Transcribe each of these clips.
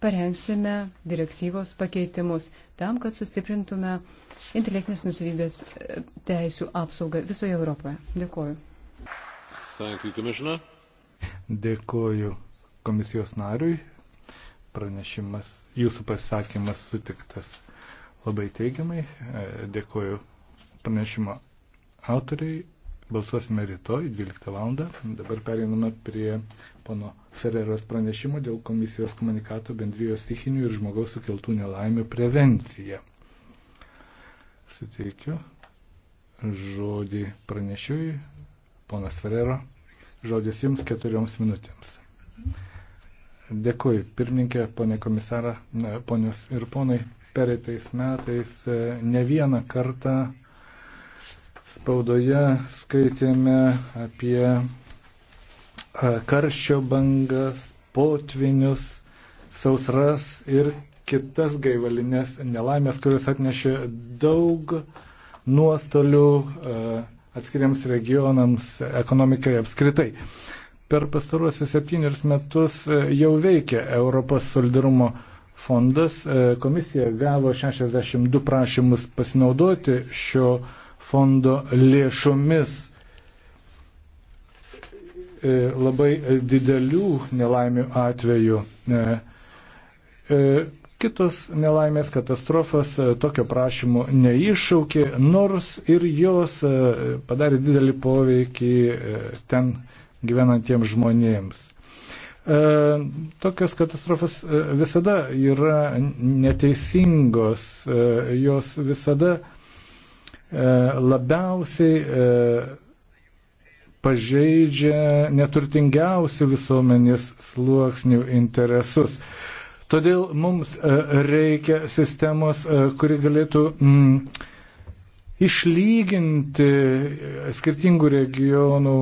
parengsime direktyvos pakeitimus tam, kad sustiprintume intelektinės nusivybės e, teisų apsaugą visoje Europoje. Dėkuoju. You, Dėkuoju komisijos nariui. Pranešimas, jūsų pasisakymas sutiktas labai teigiamai. E, Dėkuoju pranešimo autoriai Balsuosime rytoj 12 val. Dabar pereiname prie pono Ferreros pranešimo dėl komisijos komunikato bendrijos stichinių ir žmogaus sukeltų nelaimių prevencija. Suteikiu žodį pranešiui, ponas Ferrero. Žodis jums keturioms minutėms. Dėkui, pirmininkė, ponė komisara, ponios ir ponai. Pereitais metais e, ne vieną kartą Spaudoje skaitėme apie e, karščio bangas, potvinius, sausras ir kitas gaivalinės nelaimės, kurios atnešė daug nuostolių e, atskiriams regionams, ekonomikai apskritai. Per pastaruosius septynius metus e, jau veikia Europos solidarumo fondas. Komisija gavo 62 prašymus pasinaudoti šio fondo lėšomis. E, labai didelių nelaimių atveju. E, e, kitos nelaimės katastrofas tokio prašymo neiššaukė, nors ir jos padarė didelį poveikį ten gyvenantiems žmonėms. Tokios katastrofas visada yra neteisingos, jos visada E, labiausiai e, pažeidžia neturtingiausių visuomenės sluoksnių interesus. Todėl mums e, reikia sistemos, kuri galėtų mm, išlyginti skirtingų regionų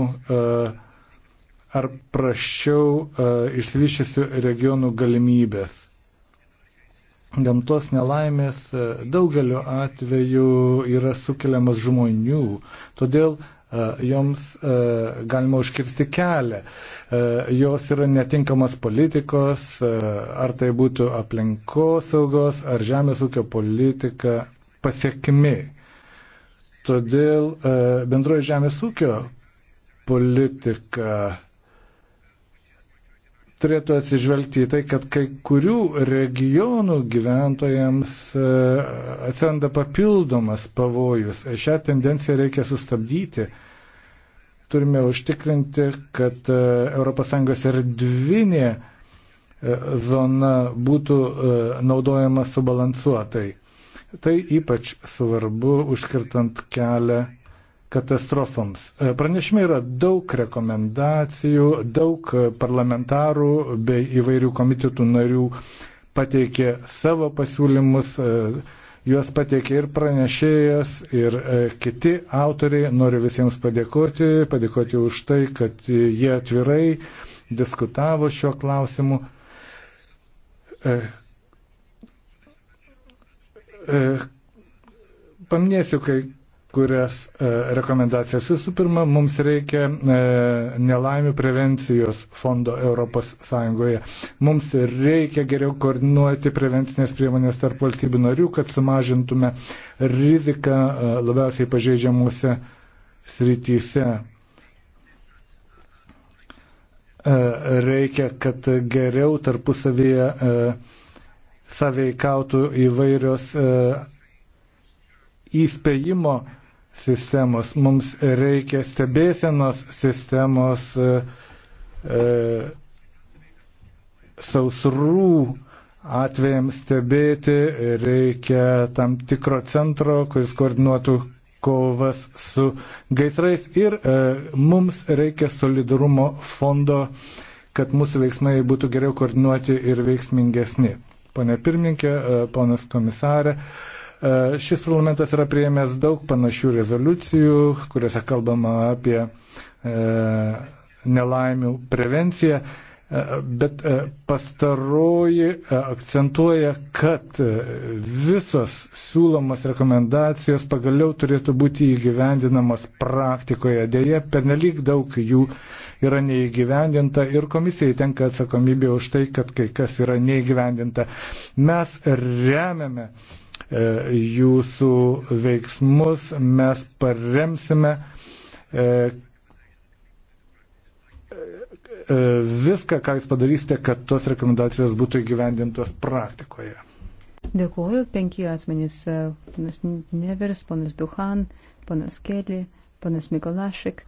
ar praščiau išsivyščiusių regionų galimybės gamtos nelaimės e, daugeliu atveju yra sukeliamas žmonių, todėl e, joms e, galima užkirsti kelią. Jos yra netinkamas politikos, ar tai būtų aplinkosaugos ar žemės ūkio politika pasiekmi. Todėl bendroji žemės ūkio politika turėtų atsižvelgti į tai, kad kai kurių regionų gyventojams e, atsiranda papildomas pavojus. Šią tendenciją reikia sustabdyti. Turime užtikrinti, kad ES erdvinė e, zona būtų e, naudojama subalansuotai. Tai ypač svarbu užkirtant kelią katastrofoms. E, pranešime yra daug rekomendacijų, daug parlamentarų bei įvairių komitetų narių pateikė savo pasiūlymus, e, juos pateikė ir pranešėjas, ir e, kiti autoriai. Noriu visiems padėkoti, padėkoti už tai, kad jie atvirai diskutavo šiuo klausimu paminėsiu kai kurias e, rekomendacijas. Visų pirma, mums reikia e, nelaimių prevencijos fondo ES. Mums reikia geriau koordinuoti prevencinės priemonės tarp valstybių narių, kad sumažintume riziką e, labiausiai pažeidžiamuose srityse reikia, kad geriau tarpusavyje saveikautų įvairios įspėjimo sistemos, mums reikia stebėsenos sistemos e, e, sausrų atvejams stebėti, reikia tam tikro centro, kuris koordinuotų kovas su gaisrais ir e, mums reikia solidarumo fondo, kad mūsų veiksmai būtų geriau koordinuoti ir veiksmingesni. Pone pirmininkė, e, ponas komisarė, e, E, šis parlamentas yra prieėmęs daug panašių rezoliucijų, kuriuose kalbama apie e, nelaimių prevenciją, e, bet pastaroji akcentuoja, kad visos siūlomos rekomendacijos pagaliau turėtų būti įgyvendinamas praktikoje. Deja, pernelyg daug jų yra neįgyvendinta ir komisijai tenka atsakomybė už tai, kad kai kas yra neįgyvendinta. Mes remiame uh, E, jūsų veiksmus, mes paremsime e, e, viską, ką jūs padarysite, kad tos rekomendacijos būtų įgyvendintos praktikoje. Dėkuoju, penki asmenys, ponas Neveris, ponas Duhan, ponas Keli, ponas Mikolašik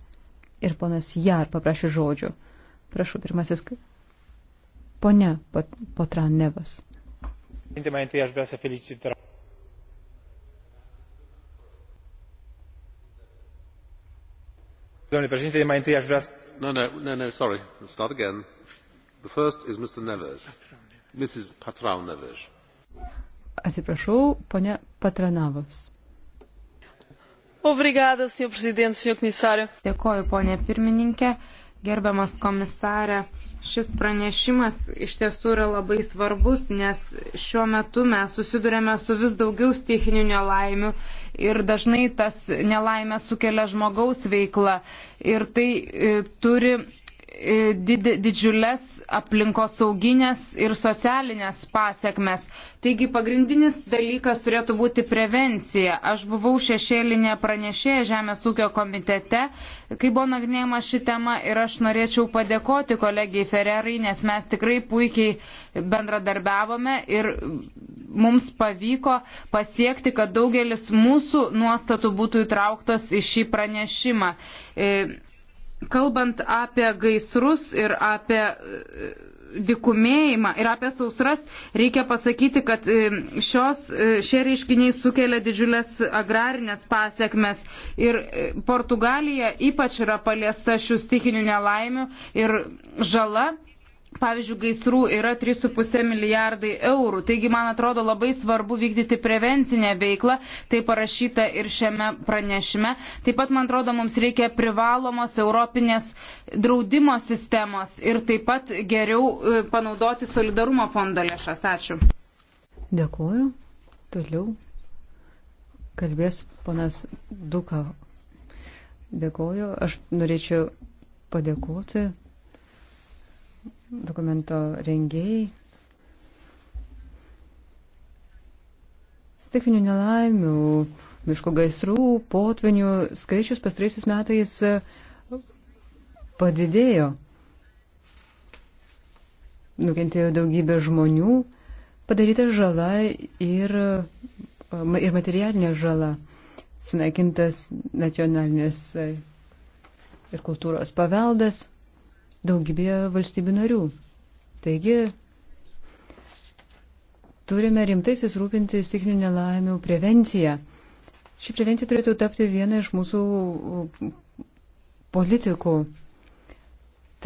ir ponas Jar paprašė žodžio. Prašau, pirmasis, ponia Potran Nevas. Aš vrea să felicit domnule președinte mai întâi aș vrea să No, no, no, no, sorry. Start again. The first is Mr. Neves. Mrs. Patrau Neves. Atsiprašau, ponia Patranovas. Obrigada, senhor presidente, senhor comissário. Dėkoju, ponia pirmininkė. Gerbiamas komisarė, šis pranešimas iš tiesų yra labai svarbus, nes šiuo metu mes susidurėme su vis daugiau stichinių nelaimių ir dažnai tas nelaimę sukelia žmogaus veikla ir tai e, turi e, did, didžiulės aplinkosauginės ir socialinės pasiekmes. Taigi pagrindinis dalykas turėtų būti prevencija. Aš buvau šešėlinė pranešėja Žemės ūkio komitete, kai buvo nagrinėjama ši tema ir aš norėčiau padėkoti kolegijai Ferrerai, nes mes tikrai puikiai bendradarbiavome ir mums pavyko pasiekti, kad daugelis mūsų nuostatų būtų įtrauktos į šį pranešimą. E, kalbant apie gaisrus ir apie e, dikumėjimą ir apie sausras, reikia pasakyti, kad e, šios, šie reiškiniai sukelia didžiulės agrarinės pasiekmes ir Portugalija ypač yra paliesta šių stikinių nelaimių ir žala Pavyzdžiui, gaisrų yra 3,5 milijardai eurų. Taigi, man atrodo, labai svarbu vykdyti prevencinę veiklą. Tai parašyta ir šiame pranešime. Taip pat, man atrodo, mums reikia privalomos europinės draudimo sistemos ir taip pat geriau e, panaudoti solidarumo fondo lėšas. Ačiū. Dėkuoju. Toliau kalbės ponas Duka. Dėkuoju. Aš norėčiau padėkoti dokumento rengėjai. Stichinių nelaimių, miško gaisrų, potvinių skaičius pastraisiais metais e, padidėjo. Nukentėjo daugybė žmonių, padaryta žala ir, e, ir materialinė žala. Sunaikintas nacionalinis e, ir kultūros paveldas daugybėje valstybių narių. Taigi, turime rimtai susirūpinti stichinių nelaimių prevenciją. Ši prevencija turėtų tapti viena iš mūsų politikų.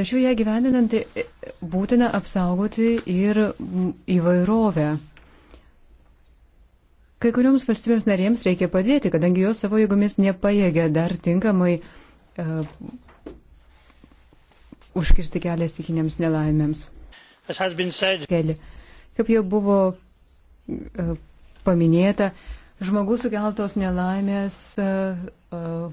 Tačiau ją gyvendinant e, būtina apsaugoti ir įvairovę. Kai kurioms valstybėms narėms reikia padėti, kadangi jos savo jėgomis nepajėgia dar tinkamai uh, užkirsti kelią stikiniams nelaimėms. Keli. Kaip jau buvo e, paminėta, žmogus sukeltos nelaimės uh, uh,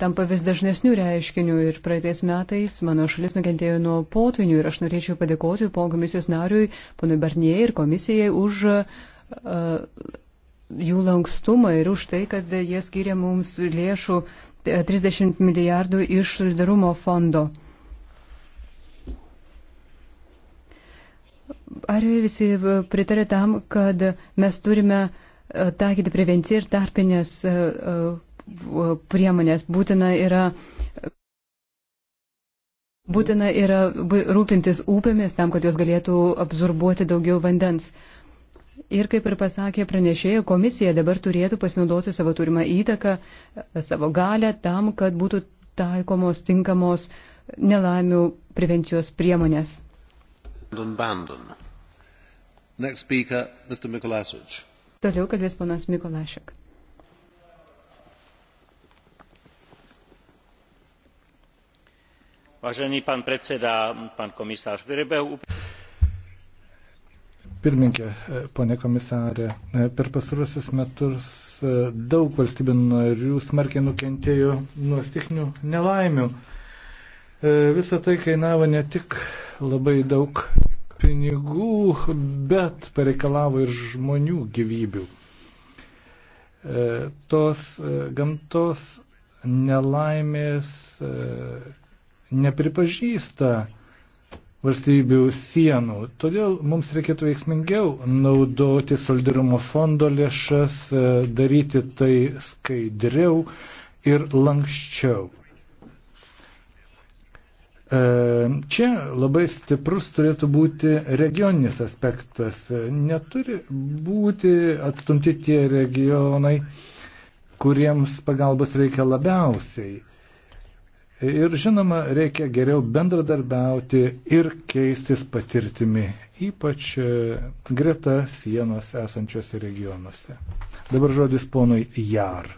tampa vis dažnesnių reiškinių ir praeitais metais mano šalis nukentėjo nuo potvinių ir aš norėčiau padėkoti po komisijos nariui, ponui Barnie ir komisijai už uh, jų lankstumą ir už tai, kad jie skiria mums lėšų 30 milijardų iš solidarumo fondo. Ar visi pritarė tam, kad mes turime e, taikyti prevenciją ir tarpinės e, e, priemonės? Būtina yra, būtina yra rūpintis upėmis tam, kad jos galėtų absorbuoti daugiau vandens. Ir kaip ir pasakė pranešėja, komisija dabar turėtų pasinaudoti savo turimą įtaką, savo galę tam, kad būtų taikomos tinkamos nelaimių prevencijos priemonės. Bandun. Next speaker, Mr. Mikolasic. Toliau kalbės ponas Mikolašek. Vážený pán predseda, pán komisár, v priebehu Pirminkė, e, ponė komisarė, e, per pasarusius metus e, daug valstybių narių smarkiai nukentėjo nuo stichinių nelaimių. Visą tai kainavo ne tik labai daug pinigų, bet pareikalavo ir žmonių gyvybių. Tos gamtos nelaimės nepripažįsta valstybių sienų. Todėl mums reikėtų veiksmingiau naudoti solidarumo fondo lėšas, e, daryti tai skaidriau ir lankščiau. E, čia labai stiprus turėtų būti regioninis aspektas. Neturi būti atstumti tie regionai, kuriems pagalbos reikia labiausiai. Ir žinoma, reikia geriau bendradarbiauti ir keistis patirtimi, ypač e, greta sienos esančiose regionuose. Dabar žodis ponui Jar.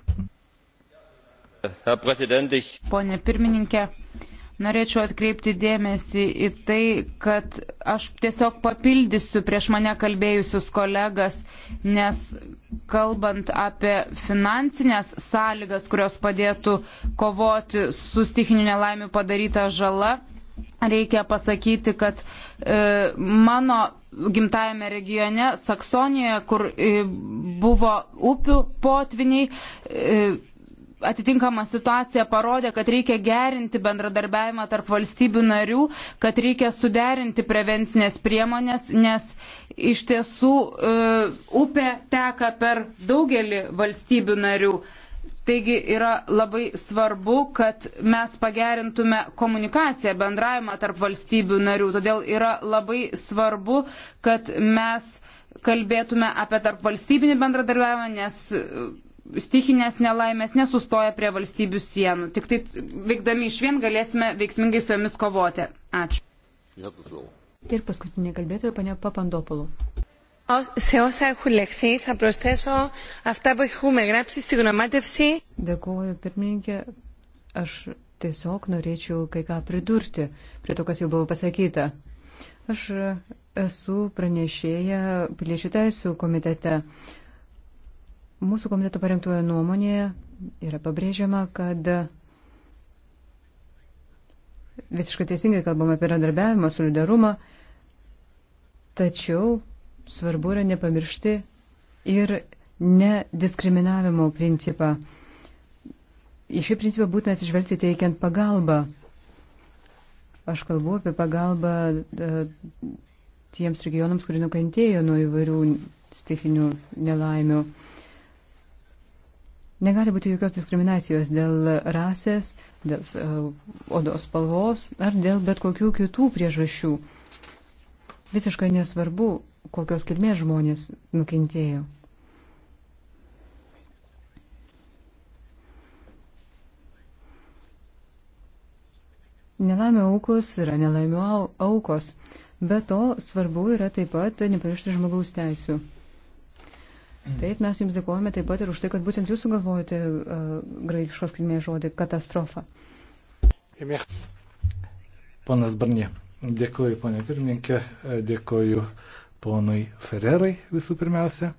Pone pirmininkė, Norėčiau atkreipti dėmesį į tai, kad aš tiesiog papildysiu prieš mane kalbėjusius kolegas, nes kalbant apie finansinės sąlygas, kurios padėtų kovoti su stichinių nelaimių padaryta žala, reikia pasakyti, kad e, mano gimtajame regione, Saksonijoje, kur e, buvo upių potviniai, e, atitinkama situacija parodė, kad reikia gerinti bendradarbiavimą tarp valstybių narių, kad reikia suderinti prevencinės priemonės, nes iš tiesų e, upė teka per daugelį valstybių narių. Taigi yra labai svarbu, kad mes pagerintume komunikaciją, bendravimą tarp valstybių narių. Todėl yra labai svarbu, kad mes kalbėtume apie tarp valstybinį bendradarbiavimą, nes stichinės nelaimės nesustoja prie valstybių sienų. Tik tai veikdami iš vien galėsime veiksmingai su jomis kovoti. Ačiū. Ir paskutinė kalbėtoja, panė Papandopolų. Σε όσα έχουν λεχθεί θα προσθέσω αυτά που έχουμε γράψει στη γνωμάτευση. Dėkuoju, pirmininkė. Aš tiesiog norėčiau kai ką pridurti prie to, kas jau buvo pasakyta. Aš esu pranešėja piliečių teisų komitete. Uh, Mūsų komiteto parengtoje nuomonėje yra pabrėžiama, kad visiškai teisingai kalbame apie bendradarbiavimą, solidarumą, tačiau svarbu yra nepamiršti ir nediskriminavimo principą. Į šį principą būtina atsižvelgti teikiant pagalbą. Aš kalbu apie pagalbą e, tiems regionams, kurie nukentėjo nuo įvairių stichinių nelaimių. Negali būti jokios diskriminacijos dėl rasės, dėl e, odos spalvos ar dėl bet kokių kitų priežasčių. Visiškai nesvarbu, kokios kilmės žmonės nukentėjo. Nelaimė aukos yra nelaimio aukos, bet to svarbu yra taip pat nepamiršti žmogaus teisų. Taip, mes jums dėkojame taip pat ir už tai, kad būtent jūs sugalvojate uh, e, graikiškos kilmės žodį katastrofa. Ponas Barnė, dėkoju ponė pirmininkė, e, dėkoju ponui Ferrerai visų pirmiausia.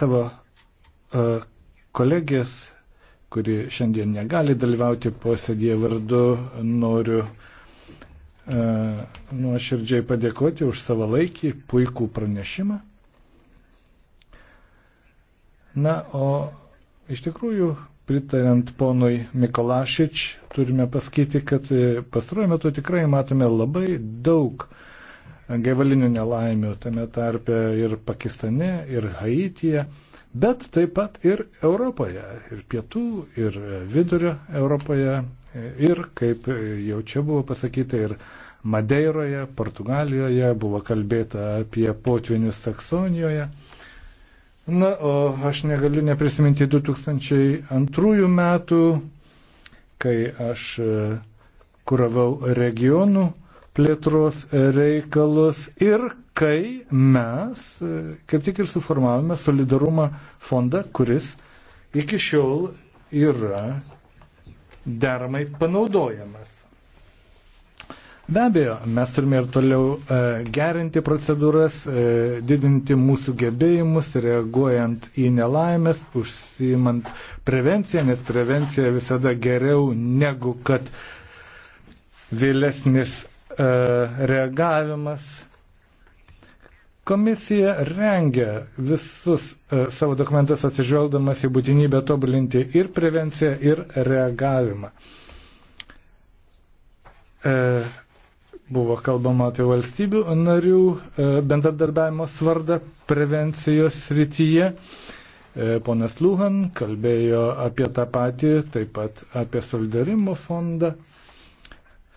Savo uh, kolegės, kuri šiandien negali dalyvauti posėdėje vardu, noriu uh, E, nuoširdžiai padėkoti už savo laikį, puikų pranešimą. Na, o iš tikrųjų, pritariant ponui Mikolašič, turime pasakyti, kad e, pastaruoju metu tikrai matome labai daug gaivalinių nelaimių, tame tarpe ir Pakistane, ir Haityje, bet taip pat ir Europoje, ir pietų, ir vidurio Europoje, Ir kaip jau čia buvo pasakyta, ir Madeiroje, Portugalijoje buvo kalbėta apie potvinius Saksonijoje. Na, o aš negaliu neprisiminti 2002 metų, kai aš e, kuravau regionų plėtros reikalus ir kai mes e, kaip tik ir suformavome solidarumą fondą, kuris iki šiol yra deramai panaudojamas. Be abejo, mes turime ir toliau e, gerinti procedūras, e, didinti mūsų gebėjimus, reaguojant į nelaimės, užsimant prevenciją, nes prevencija visada geriau negu kad vėlesnis e, reagavimas Komisija rengia visus e, savo dokumentus atsižvelgdamas į būtinybę tobulinti ir prevenciją, ir reagavimą. E, buvo kalbama apie valstybių narių e, bendradarbiavimo svardą prevencijos srityje. E, ponas Luhan kalbėjo apie tą patį, taip pat apie solidarimo fondą.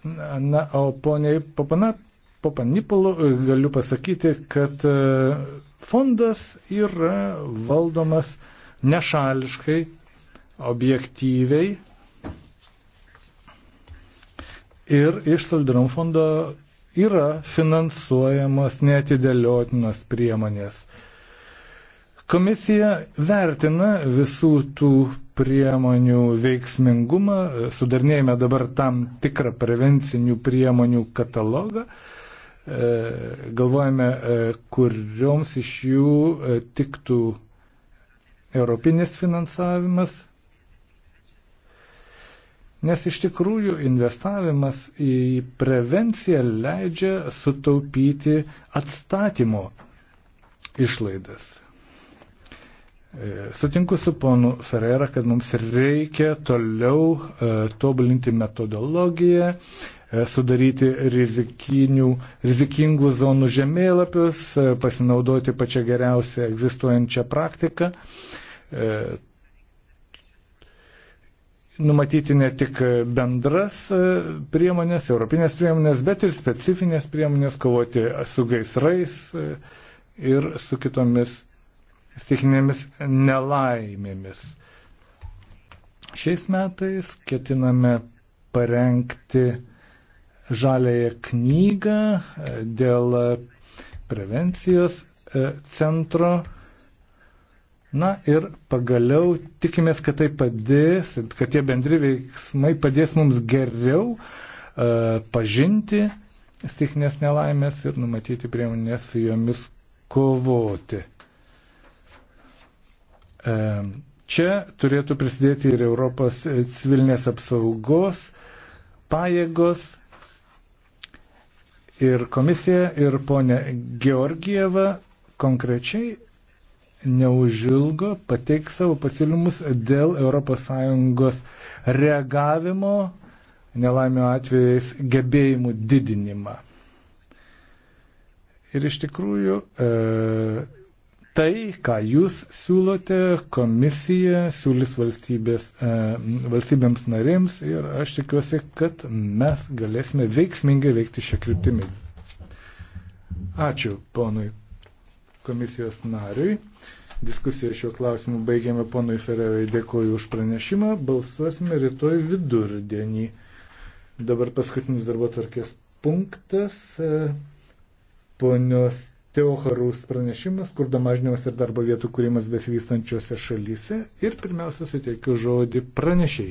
Na, o poniai Papana Popanipolu e, galiu pasakyti, kad e, fondas yra valdomas nešališkai, objektyviai ir iš solidarumo fondo yra finansuojamos neatidėliotinos priemonės. Komisija vertina visų tų priemonių veiksmingumą, sudarnėjame dabar tam tikrą prevencinių priemonių katalogą, E, galvojame, e, kurioms iš jų e, tiktų europinis finansavimas, nes iš tikrųjų investavimas į prevenciją leidžia sutaupyti atstatymo išlaidas. Sutinku su ponu Ferreira, kad mums reikia toliau tobulinti metodologiją, E, sudaryti rizikingų zonų žemėlapius, e, pasinaudoti pačią geriausią egzistuojančią praktiką, e, numatyti ne tik bendras priemonės, europinės priemonės, bet ir specifinės priemonės kovoti su gaisrais ir su kitomis stichinėmis nelaimėmis. Šiais metais ketiname parengti žalėje knygą e, dėl prevencijos e, centro. Na ir pagaliau tikimės, kad tai padės, kad tie bendri veiksmai padės mums geriau e, pažinti stichinės nelaimės ir numatyti priemonės su jomis kovoti. Čia turėtų prisidėti ir Europos civilinės apsaugos pajėgos, ir komisija, ir ponė Georgieva konkrečiai neužilgo pateiks savo pasiūlymus dėl ES reagavimo nelaimio atvejais gebėjimų didinimą. Ir iš tikrųjų e, tai, ką jūs siūlote, komisija siūlys valstybės, e, valstybėms narėms ir aš tikiuosi, kad mes galėsime veiksmingai veikti šią kryptimį. Ačiū ponui komisijos nariui. Diskusiją šiuo klausimu baigėme ponui Ferevai. Dėkuoju už pranešimą. Balsuosime rytoj vidurdienį. Dabar paskutinis darbo tarkės punktas. E, ponios Teoharus pranešimas, skurdo mažinimas ir darbo vietų kūrimas besivystančiose šalyse. Ir pirmiausia, suteikiu žodį pranešiai.